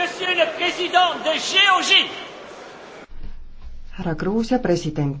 Monsieur le Président de Géorgie. härra Gruusia president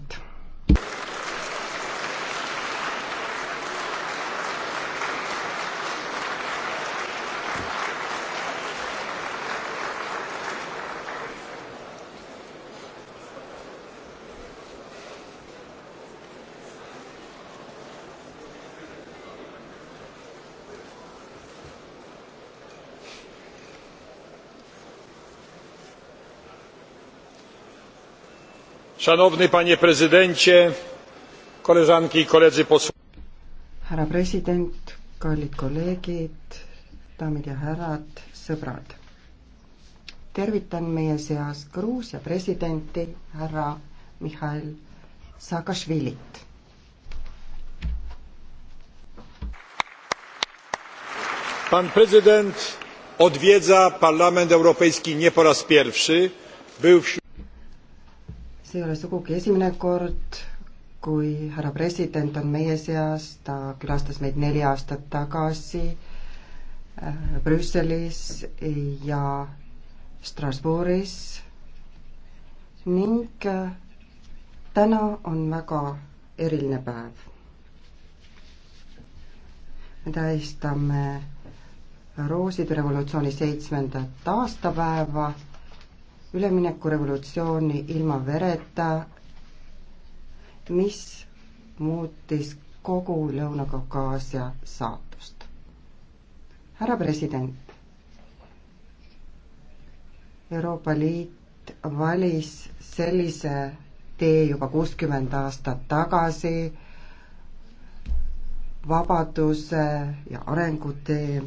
Szanowny panie prezydencie, koleżanki i koledzy posłowie. Härra president, kallid kolleegid, daamid ja härrad, sõbrad. tervitan meie seas Gruusia presidenti härra Mihhail Saakašvilit pan prezydent odwiedza parlament europejski nie po raz pierwszy był wśród see ei ole sugugi esimene kord, kui härra president on meie seas, ta külastas meid neli aastat tagasi äh, Brüsselis ja Strasbourgis ning äh, täna on väga eriline päev. me tähistame rooside revolutsiooni seitsmendat aastapäeva üleminekurevolutsiooni ilma vereta, mis muutis kogu Lõuna-Kaukaasia saatust. härra president, Euroopa Liit valis sellise tee juba kuuskümmend aastat tagasi, vabaduse ja arengu tee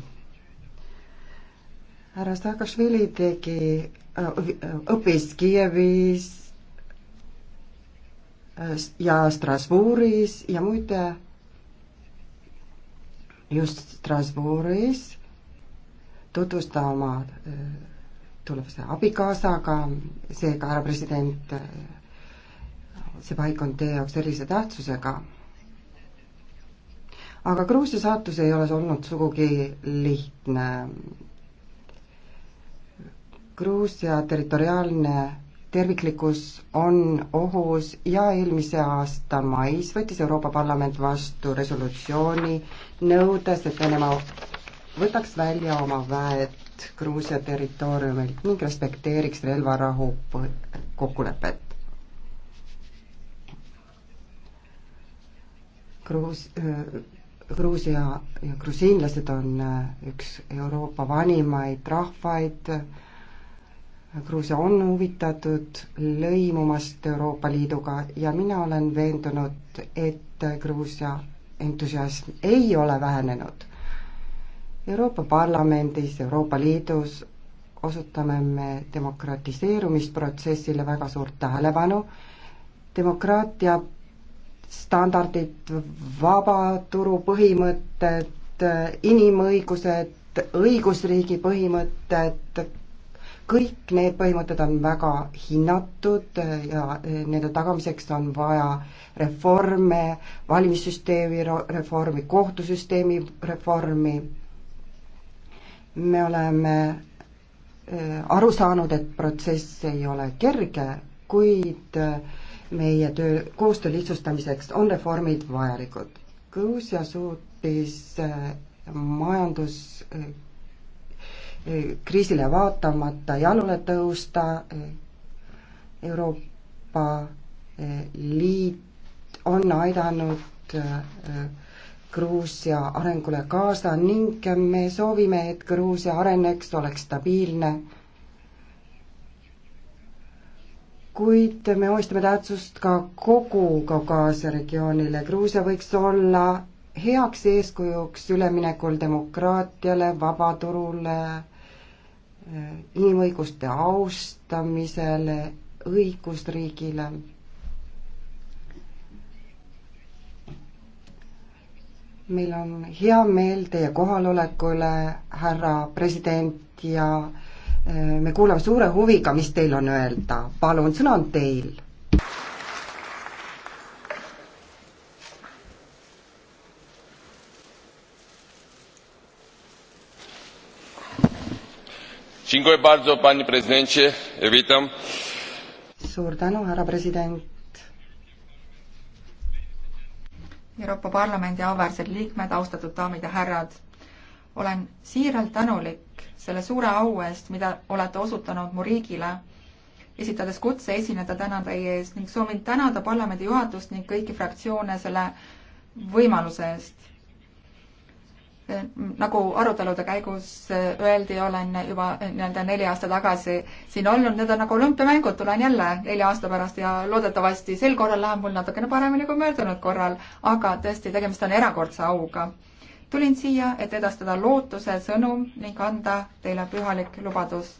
härra Saakašvili tegi, äh, õppis Kiievis äh, ja Strasbourgis ja muide just Strasbourgis tutvus ta oma äh, tulevase abikaasaga, seega härra president, see paik on teie jaoks erilise tähtsusega aga Gruusia saatus ei ole olnud sugugi lihtne. Gruusia territoriaalne terviklikkus on ohus ja eelmise aasta mais võttis Euroopa Parlament vastu resolutsiooni, nõudes, et Venemaa võtaks välja oma väed Gruusia territooriumilt ning respekteeriks relvarahu kokkulepet. Gruus-, Gruusia ja grusiinlased on äh, üks Euroopa vanimaid rahvaid, Gruusia on huvitatud lõimumast Euroopa Liiduga ja mina olen veendunud, et Gruusia entusiasm ei ole vähenenud. Euroopa Parlamendis, Euroopa Liidus osutame me demokratiseerumisprotsessile väga suurt tähelepanu, demokraatia standardid, vaba turu põhimõtted, inimõigused, õigusriigi põhimõtted, kõik need põhimõtted on väga hinnatud äh, ja äh, nende tagamiseks on vaja reforme, valimissüsteemi reformi, kohtusüsteemi reformi. me oleme äh, aru saanud, et protsess ei ole kerge, kuid meie töö, koostöö lihtsustamiseks on reformid vajalikud. Gruusia suutis majandus kriisile vaatamata jalule tõusta. Euroopa eh, Liit on aidanud eh, Gruusia arengule kaasa ning me soovime, et Gruusia areneks, oleks stabiilne. kuid me mõistame tähtsust ka kogu Kaukaasia regioonile. Gruusia võiks olla heaks eeskujuks üleminekul demokraatiale, vabaturule Äh, inimõiguste austamisele, õigusriigile. meil on hea meel teie kohaloleku üle, härra president ja äh, me kuulame suure huviga, mis teil on öelda. palun, sõna on teil suur tänu, härra president. Euroopa Parlamendi auväärsed liikmed, austatud daamid ja härrad. olen siiralt tänulik selle suure au eest, mida olete osutanud mu riigile, esitades kutse esineda täna teie ees ning soovin tänada parlamendi juhatust ning kõiki fraktsioone selle võimaluse eest nagu arutelude käigus öeldi, olen juba nii-öelda neli aasta tagasi siin olnud, need on nagu olümpiamängud, tulen jälle nelja aasta pärast ja loodetavasti sel korral läheb mul natukene paremini kui möödunud korral, aga tõesti, tegemist on erakordse auga. tulin siia, et edastada lootuse sõnum ning anda teile pühalik lubadus.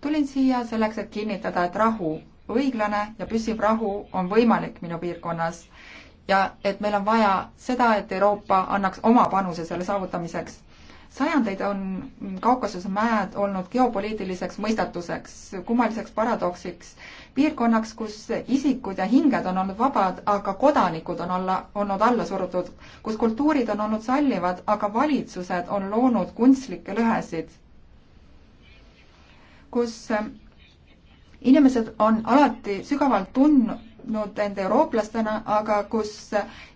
tulin siia selleks, et kinnitada, et rahu, õiglane ja püsiv rahu on võimalik minu piirkonnas ja et meil on vaja seda, et Euroopa annaks oma panuse selle saavutamiseks. sajandeid on Kaukasuse mäed olnud geopoliitiliseks mõistatuseks, kummaliseks paradoksiks, piirkonnaks, kus isikud ja hinged on olnud vabad, aga kodanikud on olla, olnud alla surutud, kus kultuurid on olnud sallivad, aga valitsused on loonud kunstlikke lõhesid, kus äh, inimesed on alati sügavalt tun-, tundnud end eurooplastena, aga kus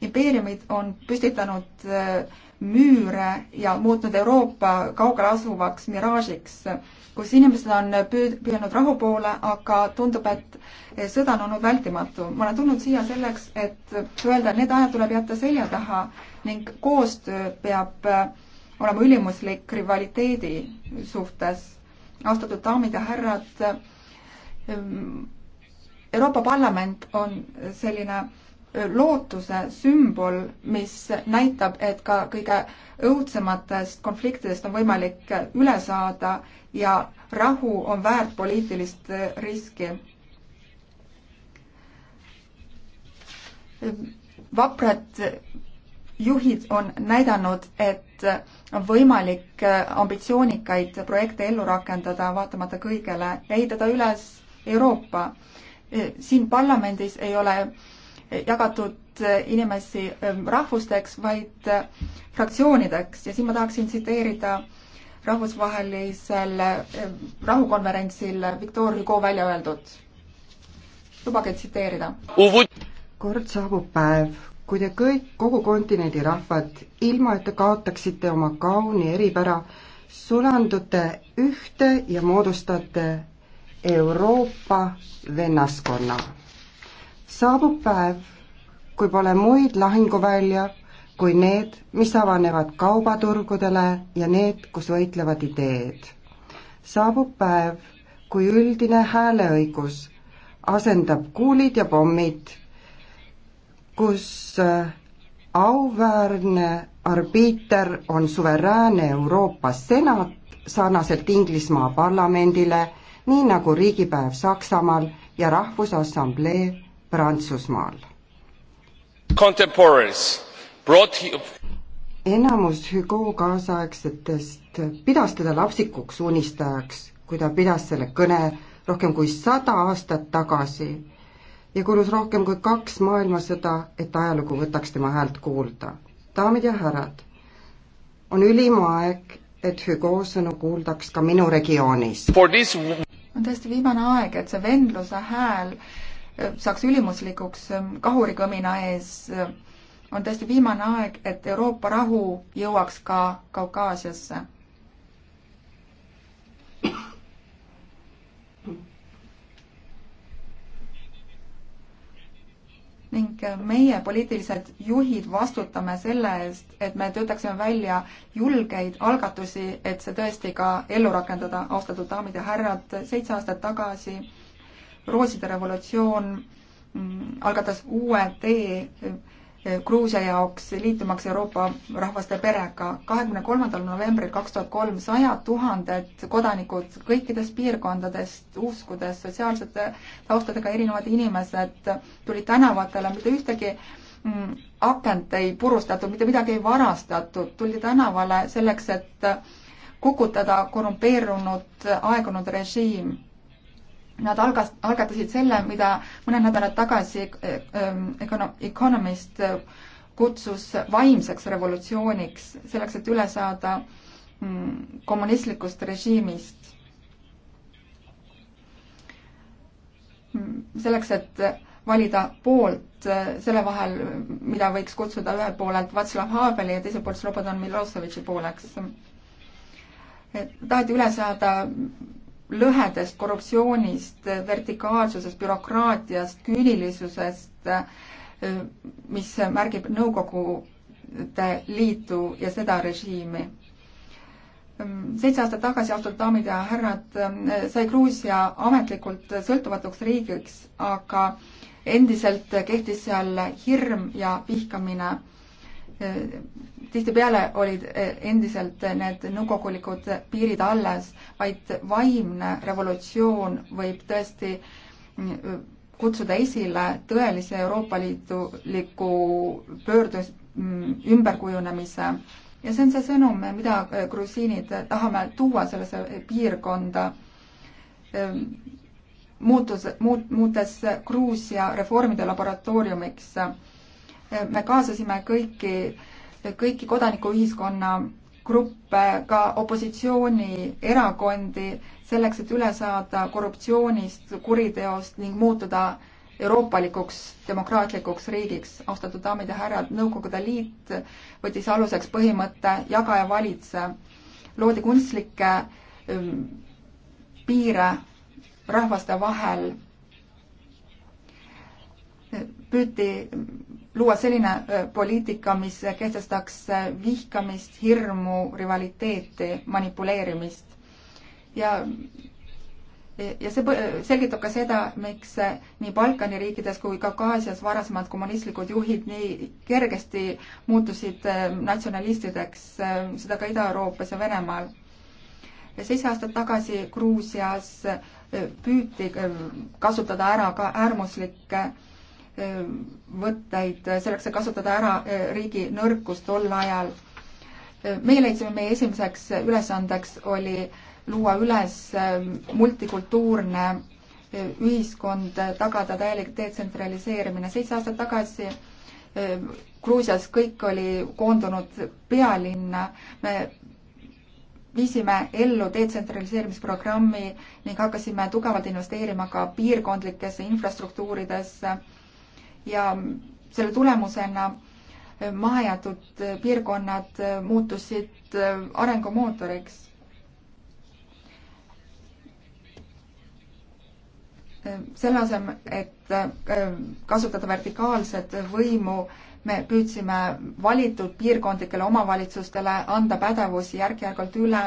impeeriumid on püstitanud äh, müüre ja muutnud Euroopa kaugel asuvaks miraažiks, kus inimesed on püüd-, püüdnud rahu poole, aga tundub, et äh, sõda on olnud vältimatu. ma olen tulnud siia selleks, et öelda, et need ajad tuleb jätta selja taha ning koostöö peab äh, olema ülimuslik rivaliteedi suhtes. austatud daamid ja härrad, Euroopa Parlament on selline äh, lootuse sümbol, mis näitab, et ka kõige õudsematest konfliktidest on võimalik äh, üle saada ja rahu on väärt poliitilist äh, riski. vaprad juhid on näidanud, et on võimalik ambitsioonikaid projekte ellu rakendada, vaatamata kõigele, ja ehitada üles Euroopa Eh, siin parlamendis ei ole eh, jagatud eh, inimesi rahvusteks, vaid fraktsioonideks ja siin ma tahaksin tsiteerida rahvusvahelisel rahukonverentsil Viktor Hugo välja öeldud. lubage tsiteerida. kord saabub päev, kui te kõik, kogu kontinendi rahvad, ilma et te kaotaksite oma kauni eripära, sulandute ühte ja moodustate Euroopa vennaskonna. saabub päev, kui pole muid lahinguvälja kui need, mis avanevad kaubaturgudele ja need, kus võitlevad ideed. saabub päev, kui üldine hääleõigus asendab kuulid ja pommid, kus äh, auväärne arbiiter on suveräänne Euroopa senat sarnaselt Inglismaa parlamendile nii nagu riigipäev Saksamaal ja Rahvusassamblee Prantsusmaal. enamus Hugo kaasaegsetest pidas teda lapsikuks unistajaks, kui ta pidas selle kõne rohkem kui sada aastat tagasi ja kulus rohkem kui kaks maailmasõda, et ajalugu võtaks tema häält kuulda. daamid ja härrad, on ülim aeg, et Hugo sõnu kuuldaks ka minu regioonis. This on tõesti viimane aeg, et see vendluse hääl eh, saaks ülimuslikuks eh, kahurikõmina ees. Eh, on tõesti viimane aeg, et Euroopa rahu jõuaks ka Kaukaasiasse. ning meie, poliitilised juhid, vastutame selle eest, et me töötaksime välja julgeid algatusi, et see tõesti ka ellu rakendada, austatud daamid ja härrad, seitse aastat tagasi rooside revolutsioon mm, algatas uue tee Gruusia jaoks liitumaks Euroopa rahvaste perega. kahekümne kolmandal novembril kaks tuhat kolm sajad tuhanded kodanikud kõikidest piirkondadest, uskudest, sotsiaalsete taustadega erinevad inimesed tulid tänavatele, mitte ühtegi mm, akent ei purustatud, mitte midagi ei varastatud, tuldi tänavale selleks, et kukutada korrumpeerunud aegunud režiim Nad algas, algatasid selle, mida mõned nädalad tagasi eh, ehm, Econo-, Economist eh, kutsus vaimseks revolutsiooniks, selleks, et üle saada mm, kommunistlikust režiimist. Mm, selleks, et valida poolt eh, selle vahel, mida võiks kutsuda ühelt poolelt Václav Haveli ja teiselt poolt Slobodan Miloševitši pooleks. taheti üle saada lõhedest, korruptsioonist, vertikaalsusest, bürokraatiast, küünilisusest, mis märgib Nõukogude Liitu ja seda režiimi. seitse aastat tagasi, austatud daamid ja härrad, sai Gruusia ametlikult sõltumatuks riigiks, aga endiselt kehtis seal hirm ja vihkamine tihtipeale olid eh, endiselt need nõukogulikud piirid alles, vaid vaimne revolutsioon võib tõesti mm, kutsuda esile tõelise Euroopa Liiduliku pöördus, mm, ümberkujunemise ja see on see sõnum, mida eh, grusiinid tahame tuua sellesse piirkonda, ehm, muutus, muut-, muutes Gruusia reformide laboratooriumiks me kaasasime kõiki, kõiki kodanikuühiskonna gruppe, ka opositsioonierakondi, selleks, et üle saada korruptsioonist, kuriteost ning muutuda euroopalikuks demokraatlikuks riigiks. austatud daamid ja härrad, Nõukogude Liit võttis aluseks põhimõtte jaga ja valitse. loodi kunstlikke ähm, piire rahvaste vahel. püüti luua selline äh, poliitika, mis kehtestaks äh, vihkamist, hirmu, rivaliteeti, manipuleerimist. ja, ja see selgitab ka seda, miks äh, nii Balkani riikides kui Kaukaasias varasemad kommunistlikud juhid nii kergesti muutusid natsionalistideks, seda ka Ida-Euroopas ja Venemaal. seitse aastat tagasi Gruusias püüti kasutada ära ka äärmuslikke võtteid selleks, et kasutada ära eh, riigi nõrkust tol ajal. Eh, meie leidsime, meie esimeseks ülesandeks oli luua üles eh, multikultuurne ühiskond, tagada täielik detsentraliseerimine. seitse aastat tagasi Gruusias kõik oli koondunud pealinna, me viisime ellu detsentraliseerimisprogrammi ning hakkasime tugevalt investeerima ka piirkondlikesse infrastruktuuridesse ja selle tulemusena mahajäetud piirkonnad muutusid arengumootoriks. selle asemel, et äh, kasutada vertikaalset võimu, me püüdsime valitud piirkondlikele omavalitsustele anda pädevusi järk-järgult üle.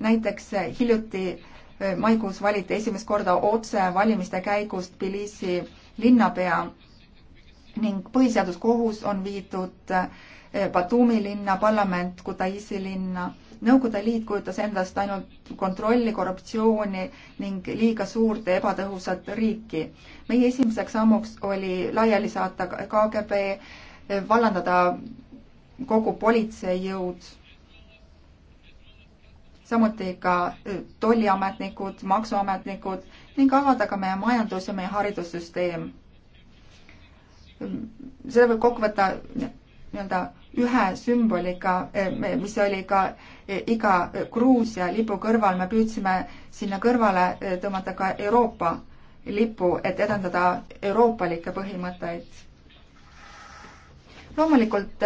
näiteks hiljuti äh, maikuus valiti esimest korda otse valimiste käigus Tbilisi linnapea ning põhiseaduskohus on viidud eh, Batumi linna, parlament Kutaisi linna. Nõukogude Liit kujutas endast ainult kontrolli, korruptsiooni ning liiga suurt ja ebatõhusat riiki. meie esimeseks sammuks oli laiali saata KGB, eh, vallandada kogu politseijõud, samuti ka eh, tolliametnikud, maksuametnikud ning avada ka meie majandus ja meie haridussüsteem. seda võib kokku võtta nii-öelda ühe sümboliga, eh, mis oli ka eh, iga Gruusia lipu kõrval, me püüdsime sinna kõrvale eh, tõmmata ka Euroopa lipu, et edendada euroopalikke põhimõtteid. loomulikult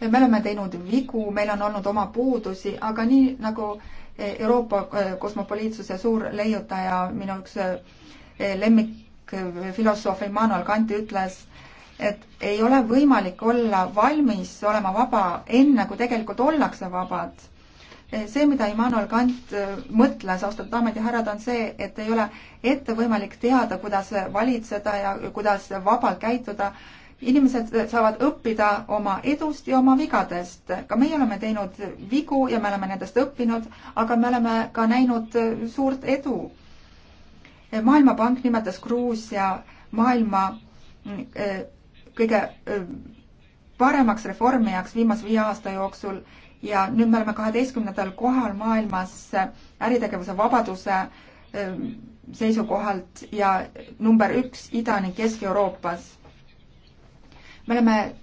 me oleme teinud vigu, meil on olnud oma puudusi, aga nii nagu äh, Euroopa eh, kosmopoliitsuse suur leiutaja, minu üks eh, lemmikfilosoof eh, Immanuel Kant ütles, et ei ole võimalik olla valmis olema vaba enne, kui tegelikult ollakse vabad. see, mida Immanuel Kant mõtles, austatud daamid ja härrad, on see, et ei ole ette võimalik teada, kuidas valitseda ja kuidas vabalt käituda inimesed saavad õppida oma edust ja oma vigadest. ka meie oleme teinud vigu ja me oleme nendest õppinud, aga me oleme ka näinud suurt edu. maailmapank nimetas Gruusia maailma eh, kõige eh, paremaks reformijaks viimase viie aasta jooksul ja nüüd me oleme kaheteistkümnendal kohal maailmas äritegevuse vabaduse eh, seisukohalt ja number üks Ida- ning Kesk-Euroopas me oleme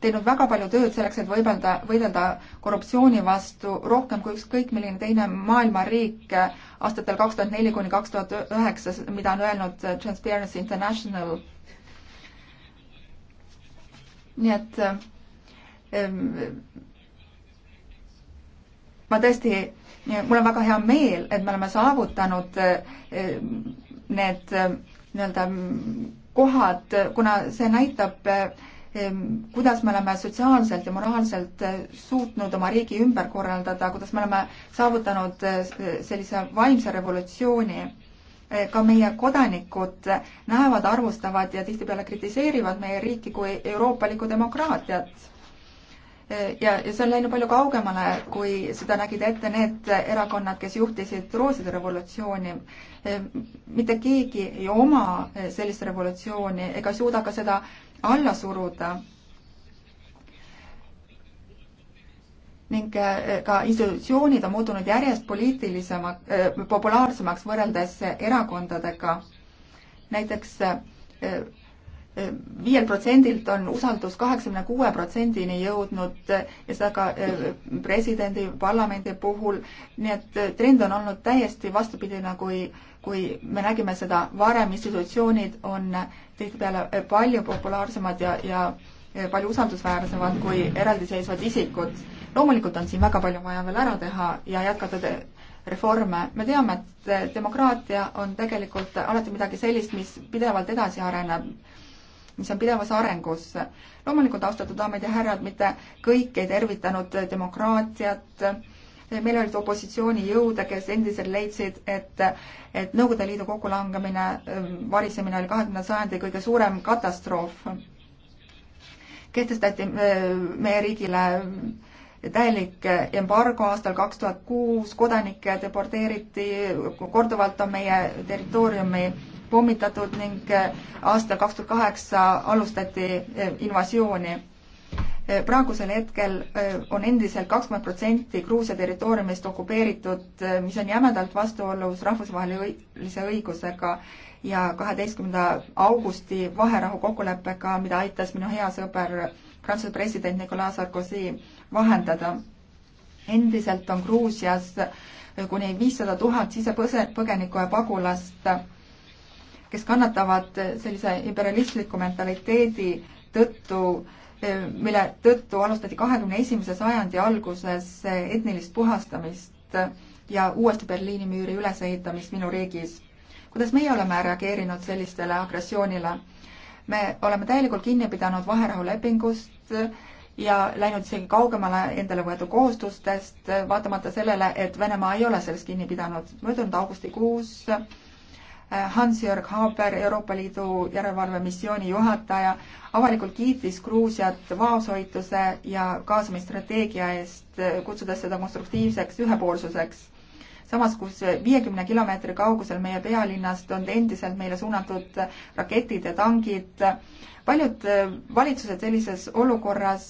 teinud väga palju tööd selleks, et võidelda, võidelda korruptsiooni vastu rohkem kui ükskõik milline teine maailma riik aastatel kaks tuhat neli kuni kaks tuhat üheksa, mida on öelnud Transparency International. nii et ähm, ma tõesti, mul on väga hea meel, et me oleme saavutanud äh, need äh, nii-öelda kohad, kuna see näitab, kuidas me oleme sotsiaalselt ja moraalselt eh, suutnud oma riigi ümber korraldada, kuidas me oleme saavutanud eh, sellise vaimse revolutsiooni. Eh, ka meie kodanikud näevad, arvustavad ja tihtipeale kritiseerivad meie riiki kui euroopalikku demokraatiat ja, ja see on läinud palju kaugemale, kui seda nägid ette need erakonnad, kes juhtisid rooside revolutsiooni. mitte keegi ei oma sellist revolutsiooni ega suuda ka seda alla suruda. ning eh, ka institutsioonid on muutunud järjest poliitilisemaks, eh, populaarsemaks võrreldes erakondadega. näiteks eh, viiel protsendilt on usaldus kaheksakümne kuue protsendini jõudnud ja seda ka eh, presidendi, parlamendi puhul. nii et eh, trend on olnud täiesti vastupidine, kui, kui me nägime seda varem, institutsioonid on tihtipeale eh, palju populaarsemad ja, ja palju usaldusväärsemad kui eraldiseisvad isikud. loomulikult on siin väga palju vaja veel ära teha ja jätkata te reforme, me teame, et demokraatia on tegelikult alati midagi sellist, mis pidevalt edasi areneb mis on pidevas arengus. loomulikult, austatud daamid ja härrad, mitte kõik ei tervitanud demokraatiat, meil olid opositsioonijõude, kes endiselt leidsid, et, et Nõukogude Liidu kokkulangemine, varisemine oli kahekümnenda sajandi kõige suurem katastroof. kehtestati äh, meie riigile täielik embargo aastal kaks tuhat kuus, kodanikke deporteeriti, korduvalt on meie territooriumi pommitatud ning eh, aastal kaks tuhat kaheksa alustati eh, invasiooni. Eh, praegusel hetkel on endiselt kakskümmend protsenti Gruusia territooriumist okupeeritud, mis on jämedalt vastuolus rahvusvahelise õigusega ja kaheteistkümnenda augusti vaherahu kokkuleppega, mida aitas minu hea sõber Prantsuse president Nicolas Sarkozy vahendada. endiselt on Gruusias kuni viissada tuhat sisepõgenikku ja pagulast kes kannatavad sellise imperialistliku mentaliteedi tõttu, mille tõttu alustati kahekümne esimese sajandi alguses etnilist puhastamist ja uuesti Berliini müüri ülesehitamist minu riigis. kuidas meie oleme reageerinud sellistele agressioonile? me oleme täielikult kinni pidanud vaherahulepingust ja läinud isegi kaugemale endale võetud kohustustest, vaatamata sellele, et Venemaa ei ole sellest kinni pidanud. möödunud augustikuus Hans-Jörg Haaber, Euroopa Liidu järelevalvemissiooni juhataja, avalikult kiitis Gruusiat vaoshoitluse ja kaasamisstrateegia eest, kutsudes seda konstruktiivseks ühepoolsuseks. samas, kus viiekümne kilomeetri kaugusel meie pealinnast on endiselt meile suunatud raketid ja tangid, paljud valitsused sellises olukorras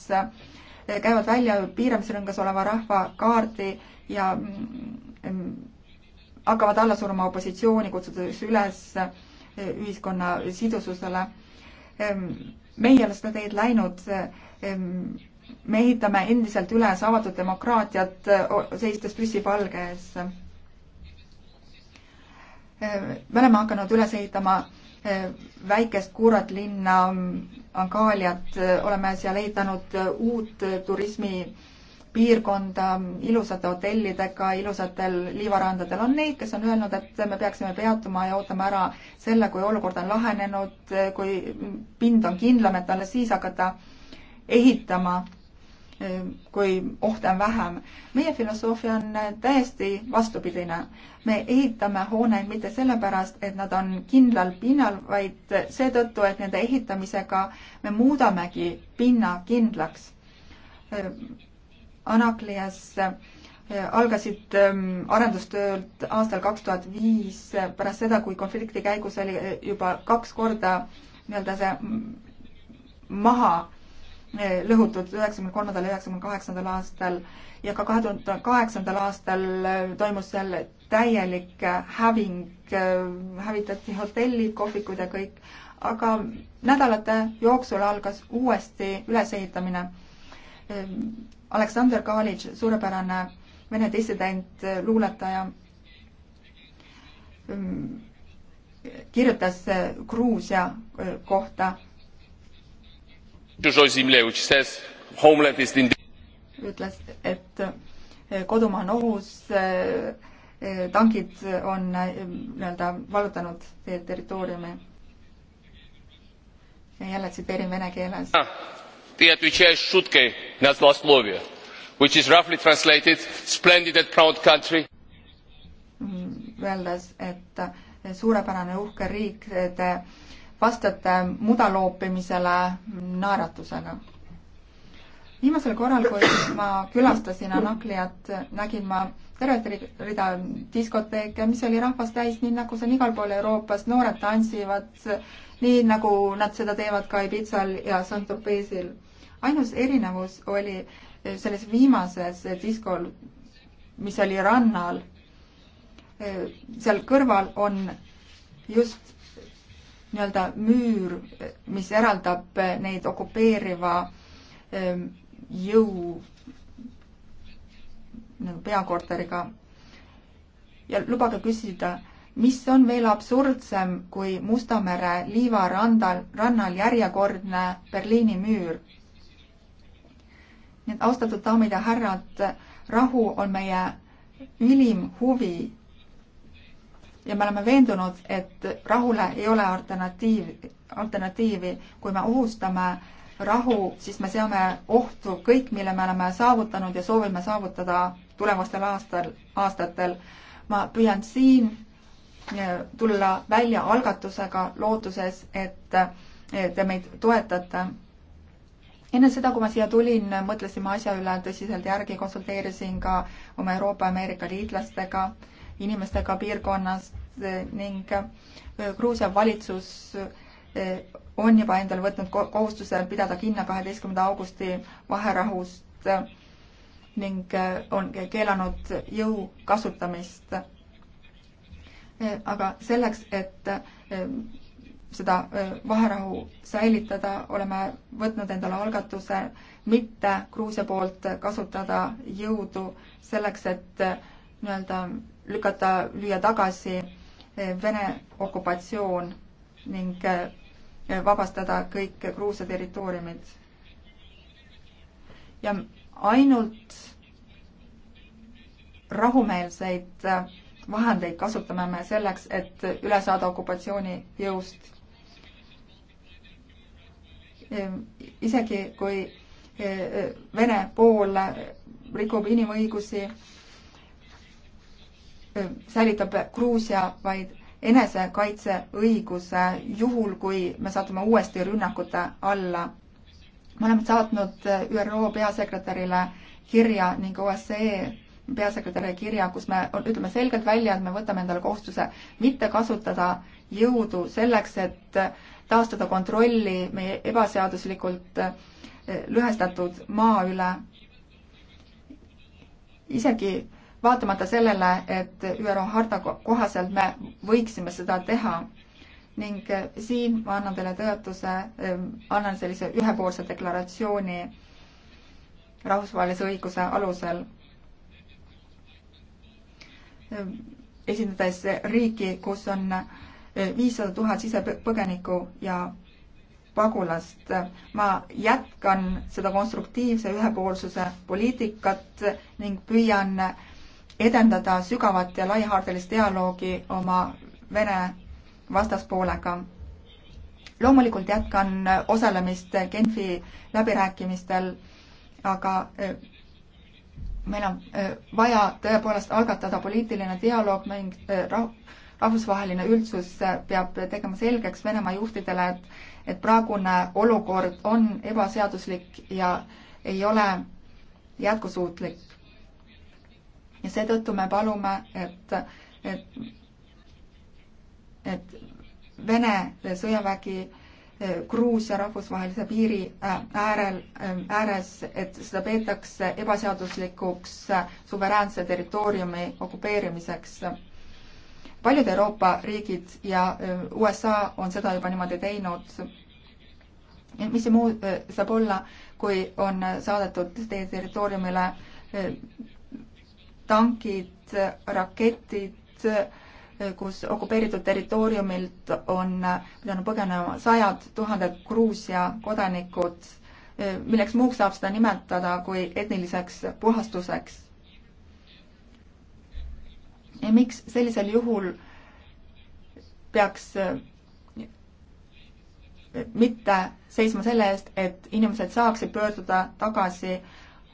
käivad välja piiramisrõngas oleva rahva kaardi ja mm, mm, hakkavad alla suruma opositsiooni, kutsudes üles eh, ühiskonna sidususele. Ehm, meie ei ole seda teed läinud. Ehm, me ehitame endiselt üles avatud demokraatiat, seistes püssipalge ees. Ehm, me oleme hakanud üles ehitama eh, väikest kuurat linna Angaaliat, oleme seal ehitanud eh, uut turismi piirkonda ilusate hotellidega, ilusatel liivarandadel, on neid, kes on öelnud, et me peaksime peatuma ja ootama ära selle, kui olukord on lahenenud, kui pind on kindlam, et alles siis hakata ehitama, kui ohte on vähem. meie filosoofia on täiesti vastupidine. me ehitame hooneid mitte sellepärast, et nad on kindlal pinnal, vaid seetõttu, et nende ehitamisega me muudamegi pinna kindlaks Anaklias eh, algasid ehm, arendustööd aastal kaks tuhat viis, eh, pärast seda, kui konflikti käigus oli eh, juba kaks korda nii-öelda see maha lõhutud üheksakümne kolmandal ja üheksakümne kaheksandal aastal ja ka kahe tuhande kaheksandal aastal toimus seal täielik häving, hävitati hotellid, kohvikud ja kõik, aga nädalate jooksul algas uuesti ülesehitamine ehm, Aleksander Kalitš, suurepärane Vene dissident, luuletaja, mm, kirjutas äh, Gruusia äh, kohta. ütles, et äh, kodumaa on ohus, tankid on nii-öelda vallutanud territooriumi. jälle tsiteerin vene keeles ah ты отвечаешь шуткой на злословие, which is roughly translated splendid and proud country. Öeldes, mm, et eh, suurepärane uhke riik, eh, te vastate mudaloopimisele naeratusega. viimasel korral, kui ma külastasin Anakliat, nägin ma tervet rida diskoteeke, mis oli rahvast täis, nii nagu see on igal pool Euroopas, noored tantsivad, nii nagu nad seda teevad ka Ibizal ja Santurpeesil ainus erinevus oli selles viimases diskol, mis oli rannal, seal kõrval on just nii-öelda müür, mis eraldab neid okupeeriva ehm, jõu nagu peakorteriga. ja lubage küsida, mis on veel absurdsem kui Musta mere liivarandal, rannal järjekordne Berliini müür nii et austatud daamid ja härrad, rahu on meie ülim huvi. ja me oleme veendunud, et rahule ei ole alternatiiv, alternatiivi, kui me ohustame rahu, siis me seame ohtu kõik, mille me oleme saavutanud ja soovime saavutada tulevastel aastal, aastatel. ma püüan siin eh, tulla välja algatusega lootuses, et eh, te meid toetate enne seda, kui ma siia tulin, mõtlesin ma asja üle tõsiselt järgi, konsulteerisin ka oma Euroopa-Ameerika liitlastega, inimestega piirkonnas eh, ning eh, Gruusia valitsus eh, on juba endale võtnud kohustuse pidada kinno kaheteistkümnenda augusti vaherahust ning on keelanud jõu kasutamist. aga selleks, et seda vaherahu säilitada, oleme võtnud endale algatuse mitte Gruusia poolt kasutada jõudu selleks, et nii-öelda lükata, lüüa tagasi Vene okupatsioon ning vabastada kõik Gruusia territooriumid. ja ainult rahumeelseid vahendeid kasutame me selleks, et üle saada okupatsiooni jõust Ehm, isegi kui eh, Vene pool eh, rikub inimõigusi, eh, säilitab Gruusia vaid enesekaitseõiguse juhul, kui me satume uuesti rünnakute alla. me oleme saatnud ÜRO peasekretärile kirja ning OSCE peasekretäri kirja, kus me ütleme selgelt välja, et me võtame endale kohustuse mitte kasutada jõudu selleks, et taastada kontrolli meie ebaseaduslikult eh, lõhestatud maa üle. isegi vaatamata sellele, et ÜRO harta kohaselt me võiksime seda teha ning eh, siin ma annan teile tõotuse, eh, annan sellise ühepoolse deklaratsiooni rahvusvahelise õiguse alusel esindades riiki, kus on eh, viissada tuhat sisepõgenikku ja pagulast. ma jätkan seda konstruktiivse ühepoolsuse poliitikat ning püüan edendada sügavat ja laiahaardelist dialoogi oma Vene vastaspoolega. loomulikult jätkan osalemist Genfi läbirääkimistel, aga eh, meil on äh, vaja tõepoolest algatada poliitiline dialoog ning äh, rahvusvaheline üldsus äh, peab tegema selgeks Venemaa juhtidele, et, et praegune olukord on ebaseaduslik ja ei ole jätkusuutlik. ja seetõttu me palume, et, et, et Vene sõjavägi Gruusia rahvusvahelise piiri äh, äärel, äh, ääres, et seda peetakse ebaseaduslikuks äh, suveräänse territooriumi okupeerimiseks. paljud Euroopa riigid ja USA on seda juba niimoodi teinud. mis see muu saab olla, kui on saadetud teie territooriumile tankid, raketid, kus okupeeritud territooriumilt on pidanud põgenema sajad tuhanded Gruusia kodanikud, milleks muuks saab seda nimetada kui etniliseks puhastuseks. ja miks sellisel juhul peaks mitte seisma selle eest, et inimesed saaksid pöörduda tagasi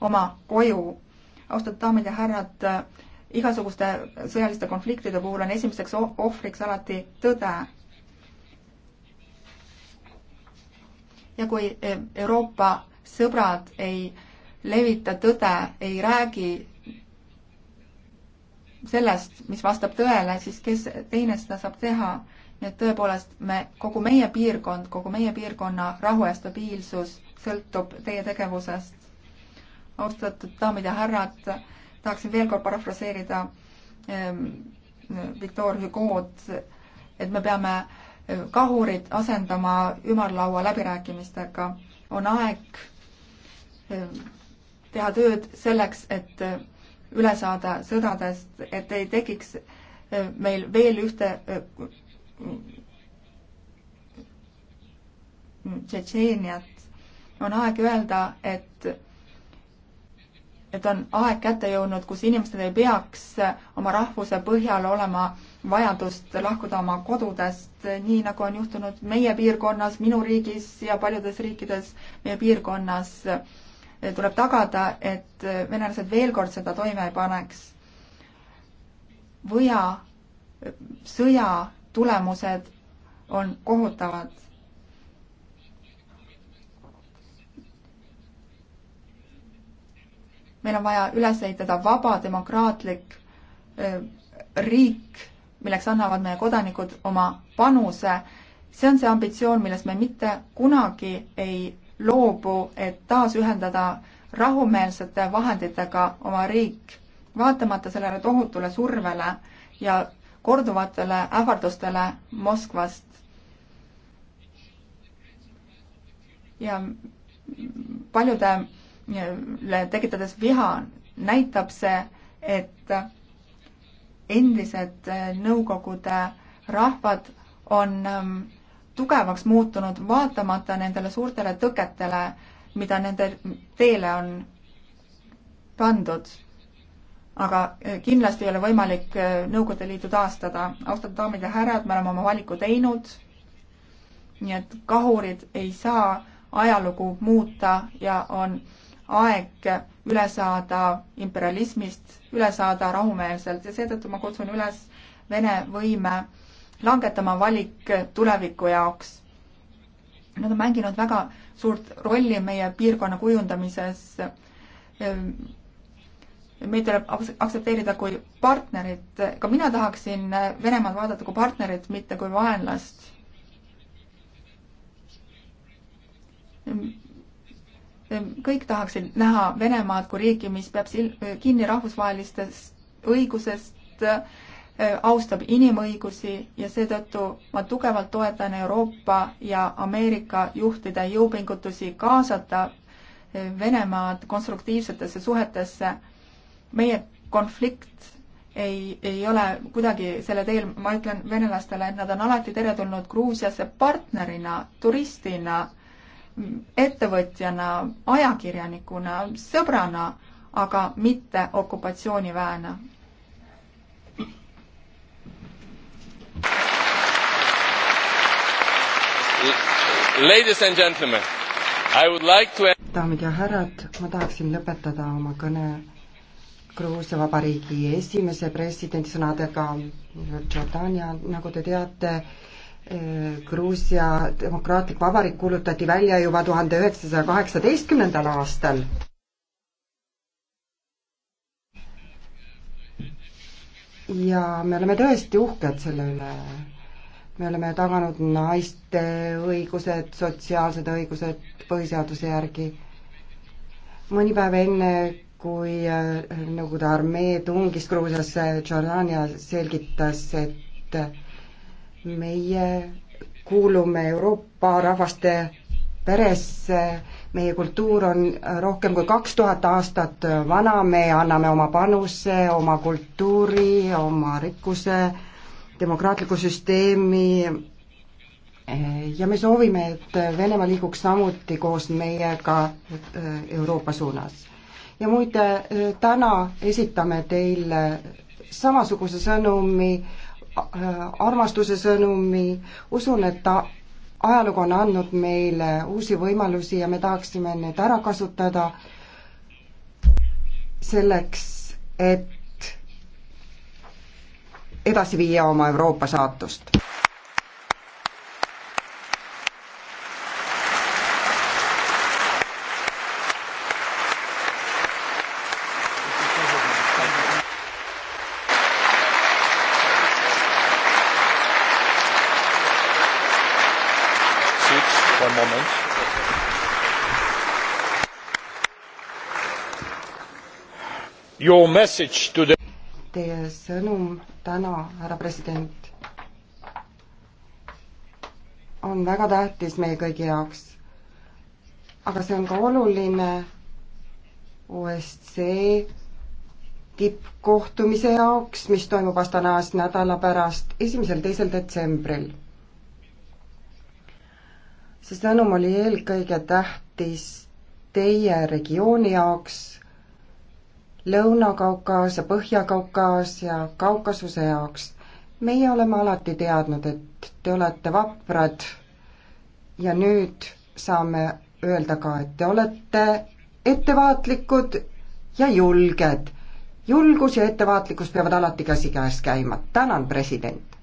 oma koju. austatud daamid ja härrad, igasuguste sõjaliste konfliktide puhul on esimeseks ohvriks alati tõde. ja kui e-, Euroopa sõbrad ei levita tõde, ei räägi sellest, mis vastab tõele, siis kes teine seda saab teha? nii et tõepoolest me, kogu meie piirkond, kogu meie piirkonna rahu ja stabiilsus sõltub teie tegevusest. austatud daamid ja härrad, tahaksin veel kord parafraseerida ehm, Victor Hugo'd, et me peame eh, kahurid asendama ümarlaua läbirääkimistega. on aeg ehm, teha tööd selleks, et eh, üle saada sõdadest, et ei tekiks eh, meil veel ühte Tšetšeeniat. on aeg öelda, et et on aeg kätte jõudnud, kus inimestel ei peaks oma rahvuse põhjal olema vajadust lahkuda oma kodudest, nii nagu on juhtunud meie piirkonnas, minu riigis ja paljudes riikides meie piirkonnas. tuleb tagada, et venelased veel kord seda toime ei paneks. võja, sõja tulemused on kohutavad meil on vaja üles ehitada vaba demokraatlik riik, milleks annavad meie kodanikud oma panuse. see on see ambitsioon, millest me mitte kunagi ei loobu, et taasühendada rahumeelsete vahenditega oma riik, vaatamata sellele tohutule survele ja korduvatele ähvardustele Moskvast. ja paljude tekitades viha, näitab see, et endised äh, Nõukogude rahvad on ähm, tugevaks muutunud vaatamata nendele suurtele tõketele, mida nende teele on pandud. aga äh, kindlasti ei ole võimalik äh, Nõukogude Liitu taastada. austatud daamid ja härrad, me oleme oma valiku teinud. nii et kahurid ei saa ajalugu muuta ja on aeg üle saada imperialismist, üle saada rahumeelselt ja seetõttu ma kutsun üles Vene võime langetama valik tuleviku jaoks. Nad on mänginud väga suurt rolli meie piirkonna kujundamises. meid tuleb aktsepteerida kui partnerit, ka mina tahaksin Venemaad vaadata kui partnerit, mitte kui vaenlast kõik tahaksid näha Venemaad kui riiki, mis peab kinni rahvusvahelistest õigusest, äh, austab inimõigusi ja seetõttu ma tugevalt toetan Euroopa ja Ameerika juhtide jõupingutusi kaasata äh, Venemaad konstruktiivsetesse suhetesse. meie konflikt ei, ei ole kuidagi selle teel, ma ütlen venelastele, et nad on alati teretulnud Gruusiasse partnerina, turistina ettevõtjana, ajakirjanikuna, sõbrana, aga mitte okupatsiooniväena. Ladies and gentlemen, I would like to daamid ja härrad, ma tahaksin lõpetada oma kõne Gruusia Vabariigi esimese presidendi sõnadega Jordaania, nagu te teate, Gruusia Demokraatlik Vabariik kuulutati välja juba tuhande üheksasaja kaheksateistkümnendal aastal. ja me oleme tõesti uhked selle üle. me oleme taganud naiste õigused, sotsiaalsed õigused põhiseaduse järgi. mõni päev enne, kui äh, Nõukogude armee tungis Gruusiasse, Jordaania selgitas, et meie kuulume Euroopa rahvaste peresse, meie kultuur on rohkem kui kaks tuhat aastat vana, me anname oma panuse, oma kultuuri, oma rikkuse, demokraatliku süsteemi ja me soovime, et Venemaa liiguks samuti koos meiega äh, Euroopa suunas. ja muide, äh, täna esitame teile samasuguse sõnumi äh, Äh, armastuse sõnumi, usun, et ta, ajalugu on andnud meile uusi võimalusi ja me tahaksime need ära kasutada selleks, et edasi viia oma Euroopa saatust. The... Teie sõnum täna, härra president, on väga tähtis meie kõigi jaoks. aga see on ka oluline OSCE tippkohtumise jaoks, mis toimub Astanas nädala pärast, esimesel-teisel detsembril. see sõnum oli eelkõige tähtis teie regiooni jaoks Lõuna-Kaukaasia, Põhja-Kaukaasia, Kaukasuse jaoks. meie oleme alati teadnud, et te olete vaprad ja nüüd saame öelda ka, et te olete ettevaatlikud ja julged. julgus ja ettevaatlikkus peavad alati käsikäes käima. tänan, president!